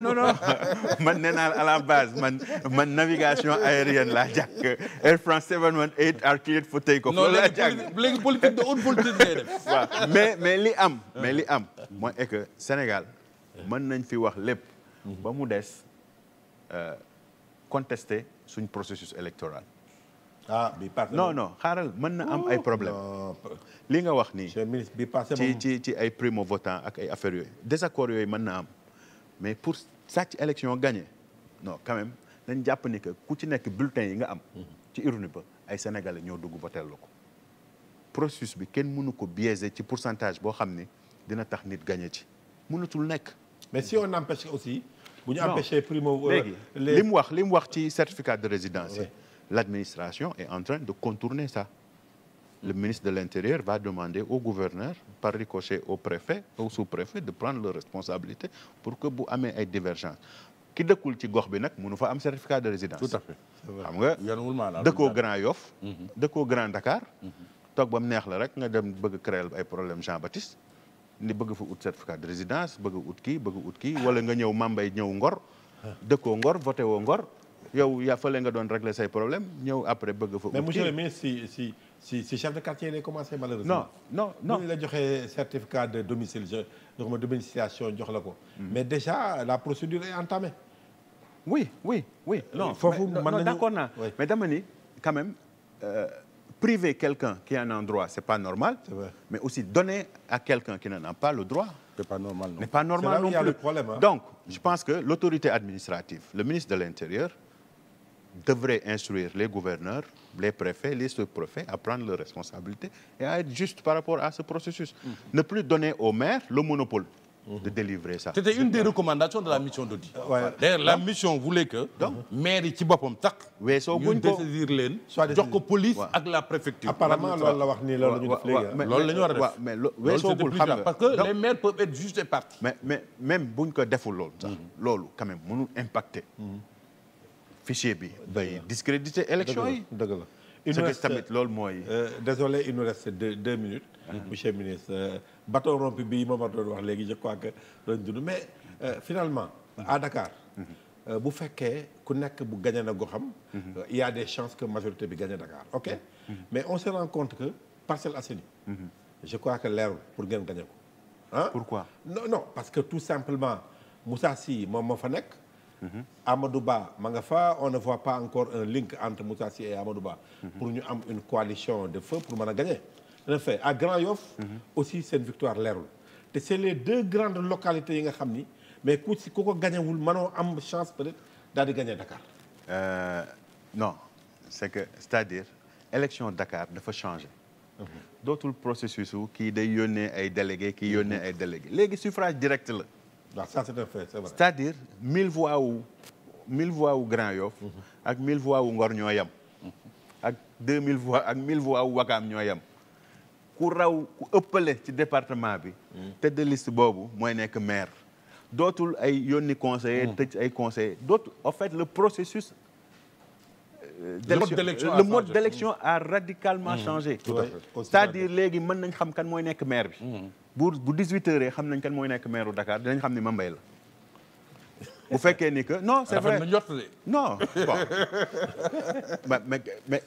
non non man nee naa à la base man man navigation aérienne laa jàkk Air France 718 Arcade for take off. loolu jàkk mais mais li am. mais li am mooy est que Sénégal mën nañ fi wax lépp. ba mu des euh, contester suñ processus électoral. ah bi passé non non xaaral mën na am ay problème oh, li nga wax nii. monsieur ministre bi passé ci ci ci ay primo votant ak ay affaires yooyu désaccords yooyu mën na am. mais pour sàcc élection gagné non quand nañ jàpp ni que ku ci nekk bulletin yi nga am. ci urne ba ay sénégalais ñoo dugg voté la ko. processus bi kenn mënu ko biaiser ci pourcentage boo xam ni dina tax nit gagné ci tul nekk. mais si on empêche aussi. bu ñu empêché primo euh, léegi li mu wax li mu wax ci certificat de résidence yi. l'administration est en train de contourner sax le ministre de l'Intérieur va demander au gouverneur par ricochet au préfet au sous-préfet de prendre leurs responsabilités pour que bu amee ay divergence ki dëkkul ci gox bi nag munu fa am certificat de résidence. tout à fait xam nga dëkkoo Grand Yoff mhm. dëkkoo Grand Dakar. Mhm. toog ba mu neex la rek nga dem bëgg créer ay problème Jean Baptiste. ni bëgg fa ut certificat de résidence bëgg ut ki bëgg ut ki wala nga ñëw Mambay ñëw Ngor. dëkkoo Ngor voté woo Ngor yow yaa fële nga doon régler say problème ñëw après bëgg fa. ut kii mais monsieur si si chef de quartier lay commencé malheureusement. non non non ñu la joxee certificat de domicile je jox ma domiciliation jox la ko. Hmm. mais déjà la procédure est entamée. oui oui oui. non foofu mën nañu d'accord naa mais dama ni quand même euh, priver quelqu'un qui a un droit c'est pas normal. c'est vrai. mais aussi donner à quelqu'un qui n'en a pas le droit. c'est pas normal non c'est pas normal non plus. c'est là où il y a le problème, hein. donc je hmm. pense que l'autorité administrative le ministre de l'Intérieur. devrait instruire les gouverneurs, les préfets, les sous-préfets à prendre leurs responsabilités et à être par rapport à ce processus. Mmh. Ne plus donner au maire le monopole mmh. de délivrer ça. C'était une des recommandations de la mission d'audit. Ouais. D'ailleurs, la mission voulait que maire yi ci boppam tax ñu saisir leen jox ko police ak la préfecture. Apparemment loolu la wax ni loolu la ñu def léegi. Loolu la ñu war a def. Mais weesoogul xam nga parce que les maires peuvent être juste et Mais mais même buñ ko deful loolu sax mhm. loolu quand même mënul impacter. Mhm. fichier bi. day discréditer élection yi dëgg la dëgg la. tamit loolu mooy. Euh, désolé il ah. euh, doon wax léegi je crois que doon dund mais euh, finalement à Dakar. Mhm. bu fekkee ku nekk bu gagné na goxam. Mhm. il ya des chances que majorité bi gagné Dakar ok. Mhm. mais on se rend compte que Parcelles Assainies. je crois que leerul pour ngeen gagné ko. parce que tout simplement Moussa Sy moom fa nekk. Amadou Ba ma nga fa on ne voit pas encore un link entre Moussa Sy et pour ñu am une coalition de feu pour mën a gagner. en effet à Grand Yoff. aussi seen victoire leerul. te c'est les deux grandes localités yi nga xam ni mais ku si ku ko gañewul mënoo am chance peut-être daal di gagner Dakar. Euh, non c'est que c'est-à-dire élection Dakar dafa changer. Mhm. dootul processus su kii day yónnee ay délégués kii yónnee ay délégués léegi suffrage direct la. waaw ça c'est un fait c'est vrai à dire mille voix wu mille voix wu Grand Yoff ak mille voix wu Ngor ñoo yem ak deux mille voix ak mille voix wu Wakaam ñoo yem ku raw ku ëppale ci département bi hmm. tête de boobu mooy nekk maire dootul ay yónni conseiller hmm. tëj ay conseiller dootul en fait le processus euh, le mode d'élection a radicalement hmm. changé c'est-à-dire léegi mën nañ xam kan mooy nekk maire bi bu bu 18 heures xam nañ kan mooy nekk maire Dakar dinañ xam ni ma mbay la bu fekkee ni que non c'est vrai non bon mais mais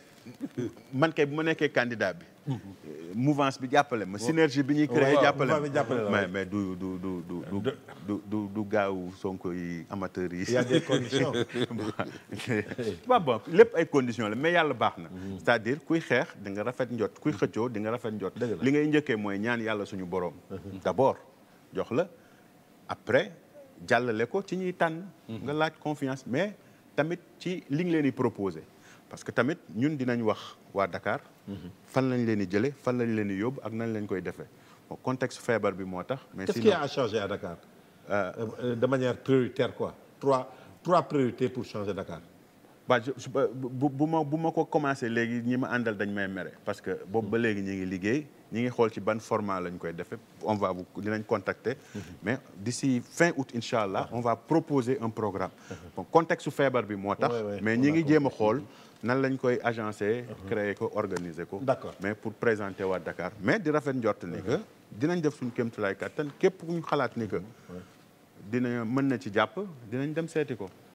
man kay bu ma nekkee candidat bi mouvance bi jàppale ma synergie bi ñuy créé jàppale ma mais du du du du du du du gaaw sonko yi amateurs yi. y a des lépp ay conditions la mais yàlla baax na. Mm-hmm. c'est-à-dire kuy xeex di nga rafet njot kuy mm-hmm. xëccoo di nga rafet njot. li ngay njëkkee mooy ñaan yàlla suñu borom. Mm-hmm. d'abord jox la après jàllale ko ci ñuy tànn. nga laaj confiance mais tamit ci li nga leen di proposé. parce que tamit ñun dinañ wax waa Dakar. fan lañ leen di jëlee fan lañ leen di yóbbu ak nan lañ koy defee bon contexte feebar bi moo tax. mais sinon qu'est-ce qui a changé à Dakar. Euh, euh, euh, de manière prioritaire quoi trois trois priorités pour changer euh, bu bu ma bu ma ko commencé léegi ñi ma àndal dañ may mere parce que boobu ba léegi ngi liggéey ñi ngi xool ci ban format lañ koy defee on va vous dinañ contacter. Mhm. mais d'ici fin août incha allah on va proposer un programme. Mhm. bon contexte su feebar bi moo tax. mais ñi ngi jéem a xool. Mhm. nan lañ koy agencé créer ko organiser ko d'accord mais pour présenter waa Dakar mais di rafet njort ni que dinañ def suñu kéemtulaay kattan képp ku ñu xalaat ni que dina mën na ci jàpp dinañ dem seeti ko